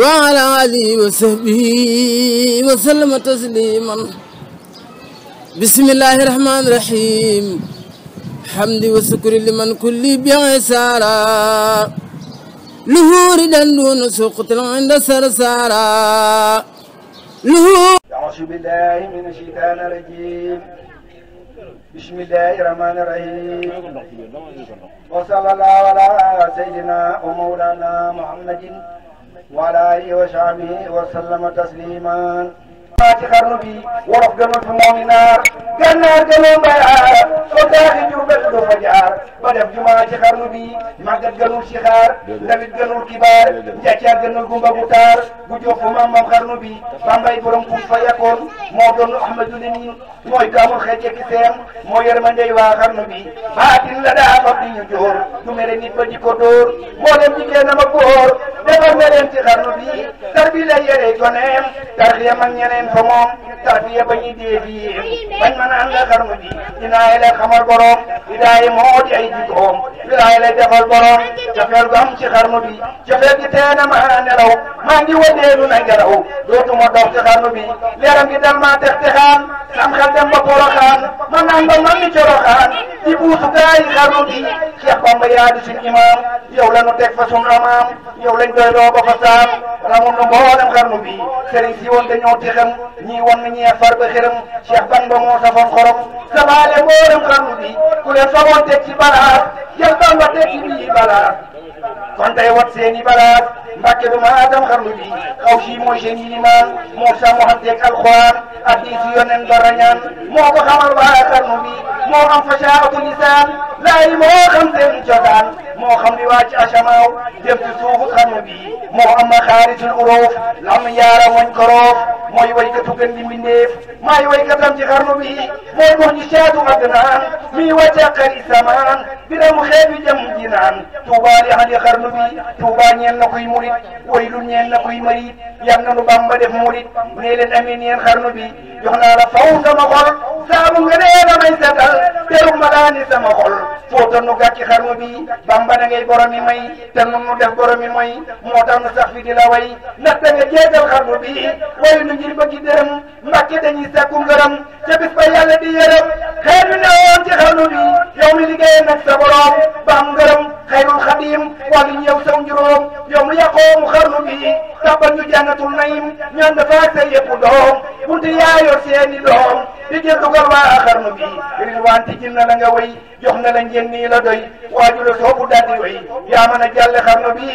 وعلى آله وصحبه وسلم تسليما بسم الله الرحمن الرحيم حمد وشكر لمن كل بعسارا لهور دون سقط عند سرسارا لهور أعوذ بالله من الشيطان الرجيم بسم الله الرحمن الرحيم وصلى الله على سيدنا ومولانا محمد وعلى آله وصحبه وسلم تسليما Tuubaa ci xarnu bi wolof gënul fi moomi naar gànnaar gënul mbay aar soldaari Jurbel doo fa jaar ba def jumaa ci xarnu bi màggat gënul ci xaar ndawit gënul kibaar njaccaar gënul gumba gu taar bu jox fu maam-maam xarnu bi bambay borom ku fa yakoon moo doon ahmadu li nii mooy gaamul xeej yekki seem moo yërmandey waa xarnu bi baatin la daa fab di ñu joor du mere nit ba di ko dóor moo dem jigéen ama góor defar na leen ci xarnu bi tarbi la yere goneem tarxiya mag ñeneen fa moom ñu tarbiya ba ñuy dee fii bañ mën a ànd ak arme bi dinaa la xamal borom bi daay moo di ay jikkoom bilaay lay defal borom jafeel gu am ci xarnu bi jafeel gi tee na maa nelaw maa ngi wadeelu na ngelaw dootuma dox ci xarnu bi leeram gi dal maa tex texaan sam xel dem ba poroxaan ma naan ba man ni coroxaan di buusu gaay xarnu bi Cheikh Bamba yaa di suñ imaam la nu teg fa suñ amaam yow lañ doy doo ba fa saam ramun nu mboolem xarnu bi sëriñ si woon dañoo ti xam ñii won nu ñee far ba xëram Cheikh Bamba moo safoon xorom sabaale mboolem xarnu bi ku leen saboon teg ci balaas jël ba wat seeni balaas kon tey wat seeni balaas Mbàkke doomu aadama xarnu bi xaw si mooy seen ilimaan moom sax a xam teg alxuraan addi si yoneen ba rañaan moo ko xamal waa xarnu bi moo am a lisaan laay moo xam seen jotaan moo xam li waa ci asamaaw jëm ci suufu xarnu bi moo am maxaarisul uroof lam yaara moñ koroof mooy waykatu gën di mbindeef maay waykatam ci xarnu bi mooy wax ñu seetu adnaan mi wacaqari samaan biram xeebi jëm ji naan tuubaa li xarnu bi tuubaa ñeen na kuy murid waylun ñeen la kuy marit yam na nu Bamba def murit nee leen amin yeen xarnu bi jox naa la faw sama xol saabu nga nee damay setal terug ma daa sama xol foo tan nu xarnu bi Bamba da ngay boromi may te nun nu def boromi moy moo tax nu la way ndaxte nga jeetal xarnu bi way nu ngir bëgg dërëm mbàkke dañuy sàkku ngërëm ca bis ba yàlla di yërëm xeer bi ne woon xarnu bi yow mi liggéey nag ba am ngërëm xayrul xadim wàllu ñëw sa bul yaqoom xarnu bi tabal ñu jannatul naim ñaan dafa ak sa yëpp doom bunti yaa yor seeni doom di jël dugal waa xarnu bi sëriñ waan tijjil na la nga way jox na la njën nii la doy waajula soobu daldi way yaa mën a jàll xarnu bi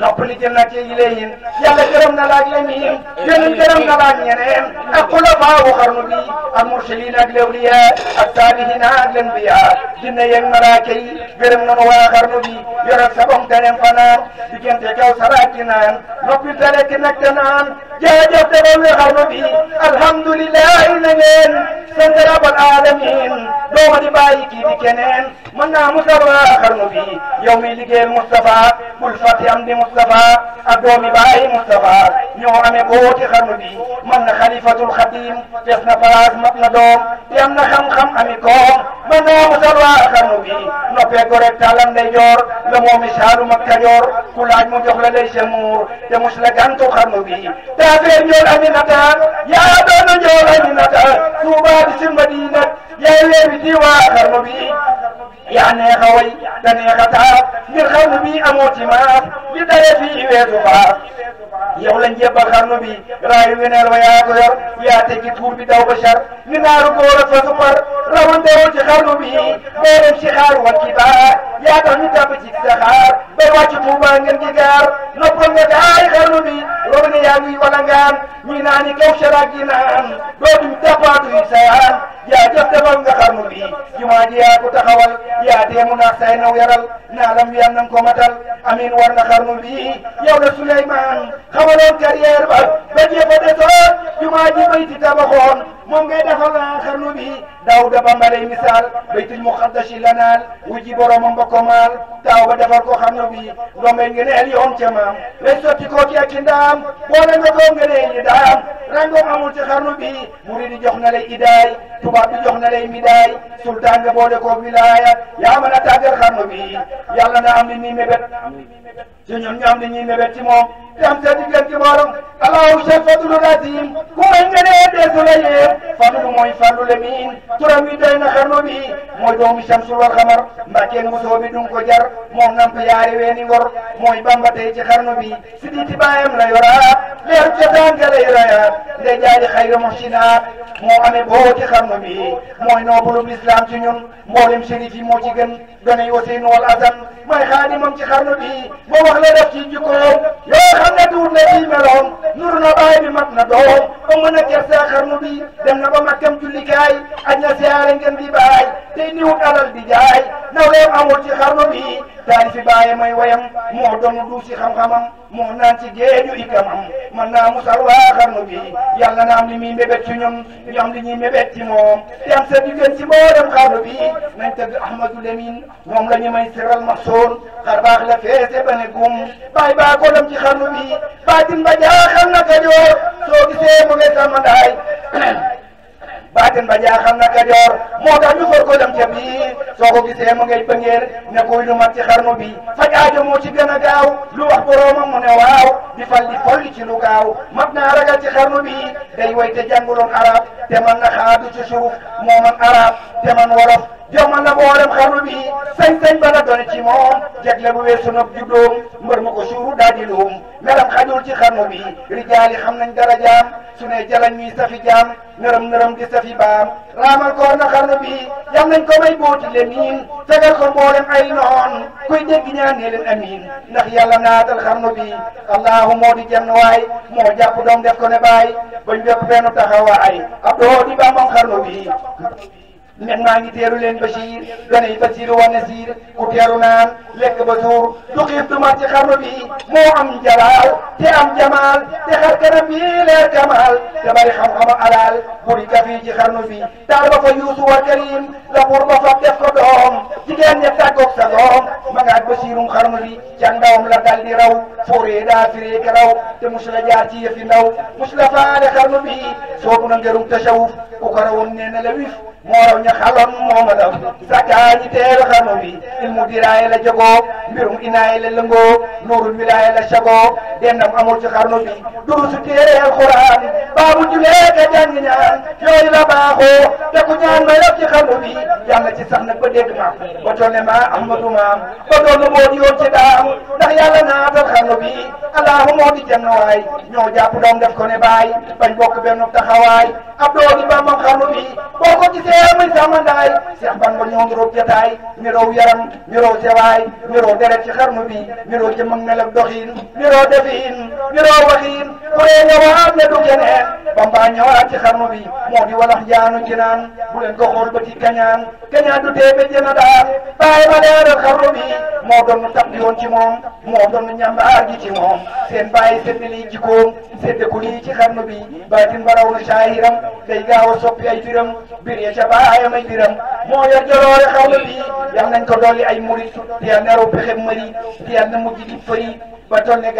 noppali jënnaat yi yiléyin yàlla gërëm na laaj lemiin yeneen gërëm na laaj ñeneen ak xulafaawu xarnu bi ak mursaliin ak lewliya ak taalihiin ak lenbiya jinne yeeg malaaka yi gërëm nanu waa xarnu bi yoral sabong teneen fanaan diggante kaw saraat yi naan noppi tale ki nag te naan jaajëf teral xarnu bi alhamdulilah na ngeen leen a rabal alamin a di bàyyi kii di keneen mën a Moustapha xarnu bi yow mi liggéeyal Moustapha bul fàtte am di Moustapha ak doomi bàyyi Moustapha ñoo amee koo ci xarnu bi mën na xalifatul xadim des na place mat na doom te am na a xam ami koom mën naa Moustapha xarnu bi noppee ko rek tàllam day joor la moomi saalum ak kajoor ku laaj mu jox la lay semuur te mos la gantu xarnu bi aminata yaa doon njool aminata suubaade silmaɗiinat yeeweemi diwa karno mbi yaa neex a way te a bi amoo ci maas li tawee fii weesu faas yow lañ jébbal xarnu bi raayu weneel wa yaa ko yor yaa tekki tuur bi daw bashar ni naaru góor ak fa supar rawantewul ci xarnu bi boo dem ci xaar wan kibaar yaa tax ñu tàbb ci saxaar ba wàcc tuuba ngeen gi gaar noppal nga gaay xarnu bi robinet yaa ngi walangaan ñuy naa kaw saraag gi naan dootuñ tappaatu yi saan yaa def defal nga xarnu bii jumaa ji yaa ko taxawal yaa deemu naag say naw yaral naalam yan nanga ko matal amin war nga xarnu bii yow la Souleymane xamaloon carrière ba ba jeefa desoon jumaa bayti tabaxoon moom ngay defal naa xarnu bii Daawuda Bamba misaal baytul muqaddas la naal wujji boromam ba ko maal taaw ba defal ko xarnu bii ndombay ngeen el yoon ca maam lay sotti koo ci ak ndaam boole nga koo ngeen yi daam rangoo amul ci xarnu bi muridi jox na lay idaay tubaab bi jox na lay midaay sultaan nga boole ko wilaaya yaa mën a tàggal xarnu bi yàlla na am a nii mébét ci ñun ñoom ni ñuy mébét ci moom te am seen diggante morom allahu shafatul azim ku may ngënee deesu la yéem fadlu mooy fadlu le miin turam wi doy na xarnu bi mooy doomu shamsul wal xamar mbàkkeen musoo bi dun ko jar moom namp yaari weeni ngor mooy bamba tey ci xarnu bi si diiti baayam la yoraat leer jotaan ga lay rayaat ndey jaari xayra muhsinaat moo amee boo ci xarnu bi mooy noobulum islam ci ñun mboolem shérif yi moo ci gën donay wasin wal azam mooy xaadimam ci boo wax la def ci jikkoom yoo xam ne tuut na bii meloom nuru na baay bi mat na doom ba mën a kersa xarnu bi dem na ba makkam jullikaay aj na siyaare ngeen bi baay tey niwut alal bi jaay nawleem amul ci xarnu bi taali fi bàyyi may wayam moo doonu du ci xam-xamam moo naan ci géeju ikamam man naa musal waa xarnu bi yàlla na am li muy mébét ci ñun ñu am li ñuy mébét ci moom te am sa diggéen ci mboolem xarnu bi nañ tëgg Ahmadou Lamine moom la ñu may siral maxsoon xar baax la dane gum baay baa ko dem ci xarnu bi baatin ba jaaxal na Kajoor soo gisee mu ngi sama daay baatin ba jaaxal na Kajoor moo tax ñu for ko dem ca biir soo ko gisee mu ngay bëngeer ne kuy lu mat ci xarnu bi faj aajo moo ci gën a lu wax boroomam mu ne waaw di fal di folli ci lu gaaw mat naa ragal ci xarnu bi day way te jànguloon arab te man na xaadu ci suuf moo man arab te jommal na boolem xarnu bi sañ-sañ ba la ci moom jagle bu weesu nag juddoom mbër ma ko suuru daa di luum melam xajul ci xarnu bi rijaal yi xam nañ dara jaam su ne jalañ ñuy safi jaam nërëm nërëm di safi baam raamal koor na xarnu bi yam nañ ko may booti le miin tegal ko mboolem ay noon kuy dégg ñaan ne leen amiin ndax yàlla naatal xarnu bi allahu moo di jenn waay moo jàpp doom def ko ne baay bañ bépp benn taxawaay ab doo di baa moom xarnu bi net maa ngi teeru leen Bachir gone yi Bachir ku teeru naan lekk ba suur du xiif ci xarnu bi moo am jalaal te am jamaal te xar kanam bi leer jamaal te bari xam-xama alal buri kafi ci la buur ba fa def ko jigéen ña tàggoog sa doom ma ngaat Bachirum xarnu bi ca ndawam la dal di raw fooree daa firee ka raw te mos la jaar ci yëfi ndaw mos la faale xarnu bi soobu ku ko rawoon nee la wif ñu xalam moo ma daf sakkaa ñi teel xama wi ilmu la jagoo mbirum inaaye la lëngoo nuurul wilaaye la sagoo dendam amul ci xarnu bi durusu téere alxuraan baabu julee ka jàng ñaan yooyu la baaxoo te ñaan ma yëpp ci xarnu bi yàlla ci sax nag ba dégg ma ba tolle ma ahmadu maam ba doon moo di yoon ci daam ndax yàlla naatal xarnu bi allahu di jenn waay ñoo jàpp doom def ko ne baay bañ bokk benn taxawaay Abdou di Bamba xarnu bi boo ko gisee muy sama ndaay Cheikh Bamba ñoo ngi roog jataay miroo yaram miroo sewaay miroo deret ci xarnu bi miroo jëmm ak mel ak doxiin miroo defiin biroo waxiim mu ne ñëwaat ne du geneen Bamba ñëwaat ci xarnu bi moo di walax jaanu jinaan bu leen ko xool ba ci gañaan gañaan du tee ba jëna daal bàyyi ma leeral xarnu bi moo doon tab yoon ci moom moo doon ñambaar gi ci moom seen bàyyi seen lii jikkoom séddeku lii ci xarnu bi baatin baraw na saahiram day gaaw a soppi ay biram bir ya ca baayam ay biram moo yor joloore xarnu bi yal nañ ko dolli ay murit te yal na raw pexe mëri te yal na mujj di fëri ba toll ne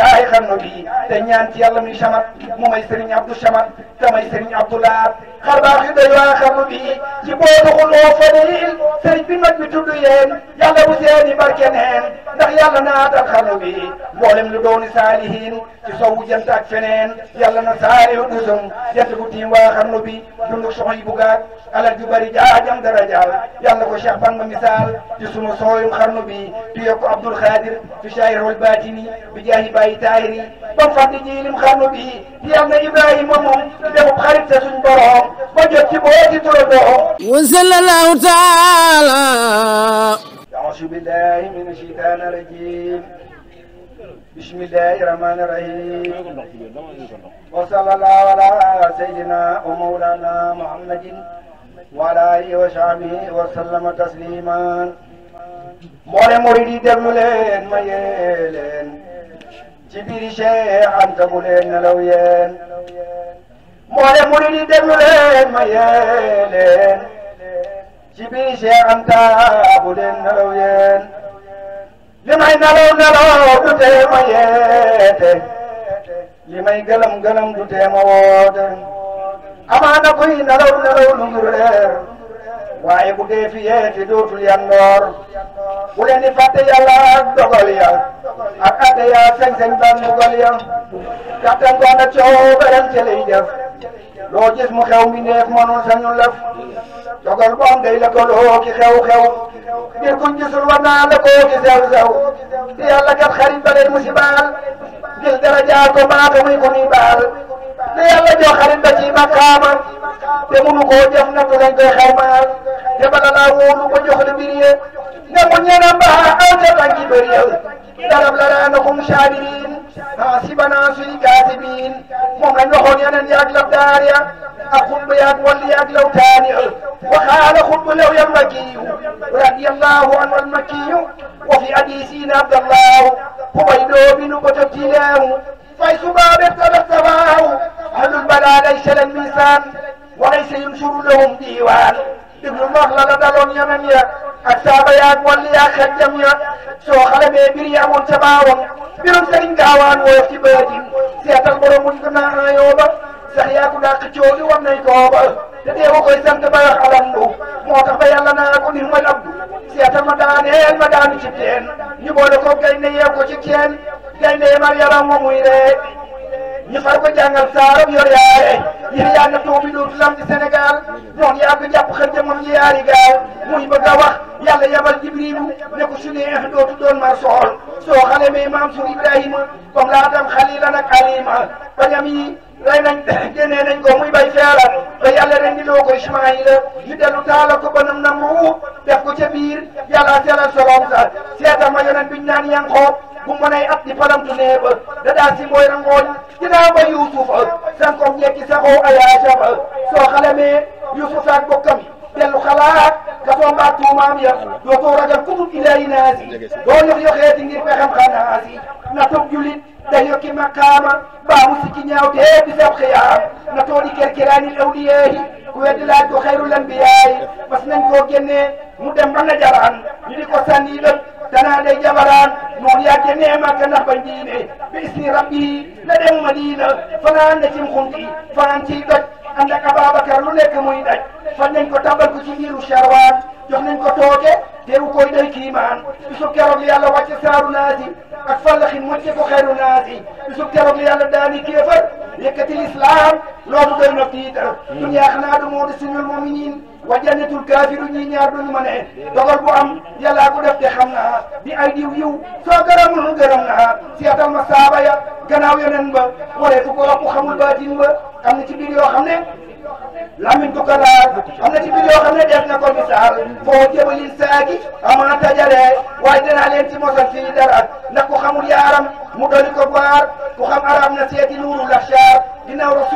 te ñaan ci yàlla muy chamat mu may Serigne Abdou Chamat te may Serigne Abdou Lahat xar baax yu doy waa xarnu bi ci boobu xuloo fadil Serigne bi mag bi tudd yéen yàlla bu seen i barke neen ndax yàlla naatal xarnu bi mboolem lu dooni saalihin ci sowu jant ak feneen yàlla na saali wu dusum jant bu tiim waa xarnu bi dundu soxoy bu gaat alal ju bari jaajam darajaal yàlla ko Cheikh Bamba misaal ci sunu sooyum xarnu bi di yokk Abdoul Khadir fi shaahirul baatini bi jaahi bàyyi taahiri moom sant ji lim xarnu bii di am na Ibrahima moom di dem xarit sa suñ borom ba jot ci boo ci turandoo. wasalallahu taala. aouzu billahi min ashaytani rajim. bismillahi rahmani rahim. wasalallahu ala sayyidina wa mawlana muhammadin wa ala alihi wa sahbihi wa sallama tasliman. mboolem murid yi déglu leen ma yee leen. ci biir Cheikh Anta bu leen nelaw yéen mboolem mu di déglu leen ma yee leen ci biir Cheikh Anta bu leen nelaw yéen li may nelaw nelaw du tee ma yeete li may gëlëm gëlëm du tee ma woote amaana kuy nelaw nelaw lu ngi reer waaye bu dee fi yee fi dootul yandoor bu leen di fàtte yàlla ak dogal ya ak àtte ya sañ-sañ ba mugal ya kattan ko na coow beram ci lay def loo gis mu xew mi neef mënul sañu lëf dogal bu am day la ko loo ki xew-xew ngir kuñ gisul war naa la koo ki sew-sew di yàlla kat xarit ba leen musibaal ngir dara jaar ko maata muy ko muy baal di yàlla jox xarit ba ci maqaama te munu koo jëf nag lañ koy xawmaal jabala laa wóolu ko jox la mbir yee ne ko ñeena mbaa aw ca tànki bëri yow darab la laa naxum saabiriin ah si banaa suy kaasibiin moom lañ waxoon yeneen yaag labdaar ya ak xutb yaag walli yaag lawtaan ya waxaala xutb law ya makkiyu radiyallahu anhu al makkiyu wa fi hadiisiin abdallahu hubaydoo binu ko tottileewu fay subaabe tabat sabaahu ahlul balaa laysa lan misaan wa laysa yunsuru lahum diiwaan déglu ma wax la la daloon yamen ya ak saaba yaag walli yaag xajjam ya soo xalamee mbir yi amoon sa baawam mbirum sëriñ gaawaan woo ci baatin seetal borom muñ ko naa yoo ba sax yaa ko dàq coogi wan nañ koo ba te dee ko koy sant ba wax alandu moo tax ba yàlla naa ko ni mal abdu seetal ma daaneel ma daanu ci teen ñu boole ko gaynde yeew ko ci teen gaynde yemal yaram ma muy ree ñu far ko jàngal saaram yor yaare yéen yaa na tuubi dootu lam ci Sénégal noonu yaa ko jàpp xel yaari gaal muy bëgg a wax yàlla yabal jibrilu ne ko su neex dootu doon mar soxol soo xale mee maam sur ibrahima comme laatam xalilan a alima bañam yi rey nañ génnee nañ ko muy bay feeral ba yàlla rendiloo ko ismaila ñu dellu taala ko banam na mu def ko ca biir yàlla seeral solom sa seetal ma yonent biñ naan yankoob at di palamtu nee ba da daa si mooy rangooñ ginnaaw ba yuusuf san kom jekki saxoo ayaasam soo xale yuusuf ak bokkam tuumaam ya doo ko ragal kutub ilaahi naasi doo yox yoxeeti ngir pexem xanaasi na toog julit da yokki makaama baamu si ci ñaaw tee bi sab xiyaam na toodi kerkiraani awliyaahi ku weddi laaj ko xayrul anbiyaayi bas nañ koo génnee mu dem ba na jaraan ñu di ko sànni lëpp danaa day jabaraan moom yaa génnee Makka ndax bañ diine bi isni rabbi la dem Madina fanaan na cim xunti fanaan ciy doj ànd ak Ababacar lu nekk muy daj fan nañ ko tabal jox nañ ko tooke teewu koy doy kiimaan bisub keroog li yàlla wàcce saaru naasi ak fallaxin mocce ko xeeru naasi bisub keroog li yàlla daani kéefar yëkkati lislaam loolu doy na tiitar dunya xanaatu moo di sinul muminin wa jannatul kaafiru ñi ñaar duñu ma ne dogal bu am yàllaa ko def te xam naa bi ay diw yiw soo gërëmul gërëm naa seetal ma saaba ya gannaaw yeneen ba waree ku ko wax ku xamul baatin ba am na ci biir yoo ne lamin du ko laal am na ci biir yoo xam ne def na ko misaal foo jëbalin saaki ama tajalee waaye dinaa leen ci mosal fii dara ndax ku xamul yaaram mu doli baar ku xam arab na seeti nuuru laxsaar ginnaaw wa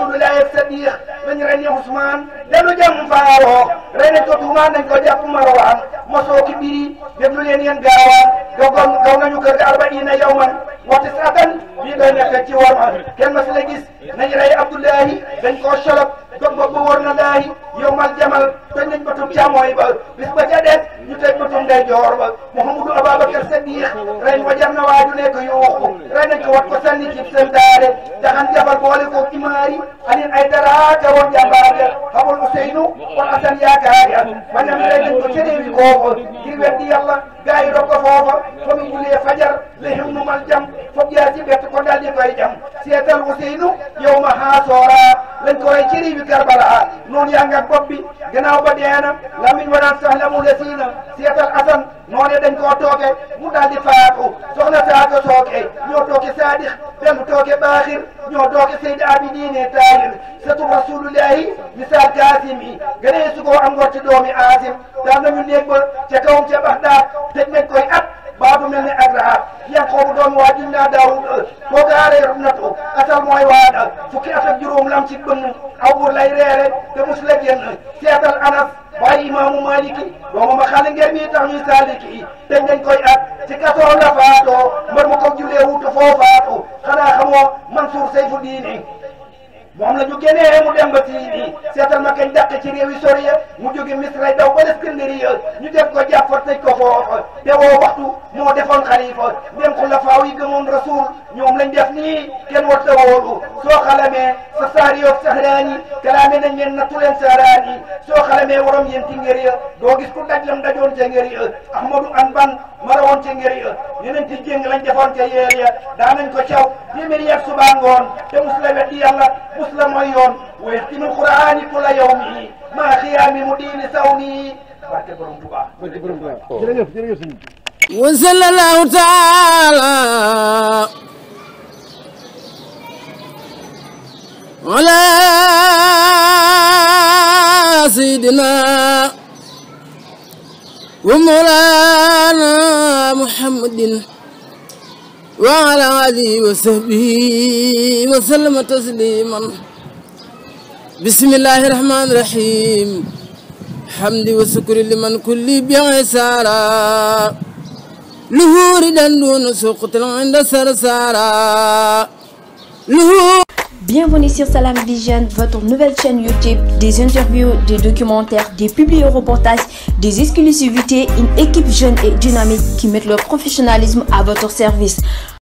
sadiq dañ reñe Ousmane dellu jàmm faaroo rene ko tuumaan nañ ko jàpp Marwaan mosoo ki biri déglu leen yéen gaawaan dogoon gaw nañu kër arbaina yawman wa tisatan bii doy nekk ci warma kenn mas la gis nañ rey Abdullahi dañ koo solop dog ba ba wër na laayi yow mal jamal tëj nañ bëtum càmmooy ba bis ba ca des ñu tëj bëtum ndeyjoor ba Mouhamadou Ababacar Sadiq ren ko jar na waaju nekk yuuxu ren nañ ko wat ko sànni ci seen daare daxan jabal boole ko الثمار عن العذرات والجبات أبو الحسين والحسن يا كاريا من أمريكا تشري في كوفر في ودي الله gaa yi dog ko foofa fa mu jullee fajar la xew nu mal jam ko daal di koy jam seetal Useynu yow ma xaasoora lañ ko rey ci riibi Karbala noonu yaa ngat bopp bi gannaaw ba deena lamin wanaan sax la mu lesiina seetal Asan noonee dañ koo tooke mu daal di faatu soxna saaka ñoo tooke Saadix benn tooke Baaxir ñoo tooke Seydi Abidiine Taahir satub Rasuulullaahi misaal Kaasim yi gënee su am ngor doomi Aasim daan nañu néeg ba ca kawam ca tëj nañ koy at baatu mel ne ak raxaat Yaquub doom waa jim naa Daawud foo gaaree rab natu atal mooy waada fukki at ak lam ci bënn aw buur lay reere te mus la Anas waaye imaamu Maliki doomu ma xale ngeen mii tax ñuy saaliki koy at ci kasoor la faatoo mbër mu ko julee wut foo faatu xanaa xamoo Mansuur Sayfu diini moom la ñu génnee mu dem ba siini ma kañ dàq ci réew yi mu jóge misray daw ba Iskandariy ñu def ko jàpp tëj ko foofu te woo waxtu moo defoon xalifa dem xulafaaw yi gëmoon rasul ñoom lañ def nii kenn war ta wóolu soo xalamee sa saari sahraani kalaame nañ leen na tuleen saaraani soo xalamee waram yéen ci doo gis ku daj lam dajoon ca ngër ya an ban marawoon ca ngër ya yeneen jéng lañ defoon ca yeel daa nañ ko caw téeméer yeeg suba ngoon te mus la weddi yàlla mus la mooy maa xiyaami mu diini sawni barke borom Tuubaa barke borom Tuubaa oh. jërëjëf jërëjëf sëñ bi wa sallallahu taala ala sayyidina wa mawlana muhammadin wa ala alihi wa sahbihi wa sallama tasliman bismillahi rahmaani rahim hamdi wa sukri liman kulli bien sara luhuuri dan dunu suqtil inda sarsara luhuuri Bienvenue sur Salam Vision, votre nouvelle chaîne YouTube, des interviews, des documentaires, des publi-reportages, des exclusivités, une équipe jeune et dynamique qui met leur professionnalisme à votre service.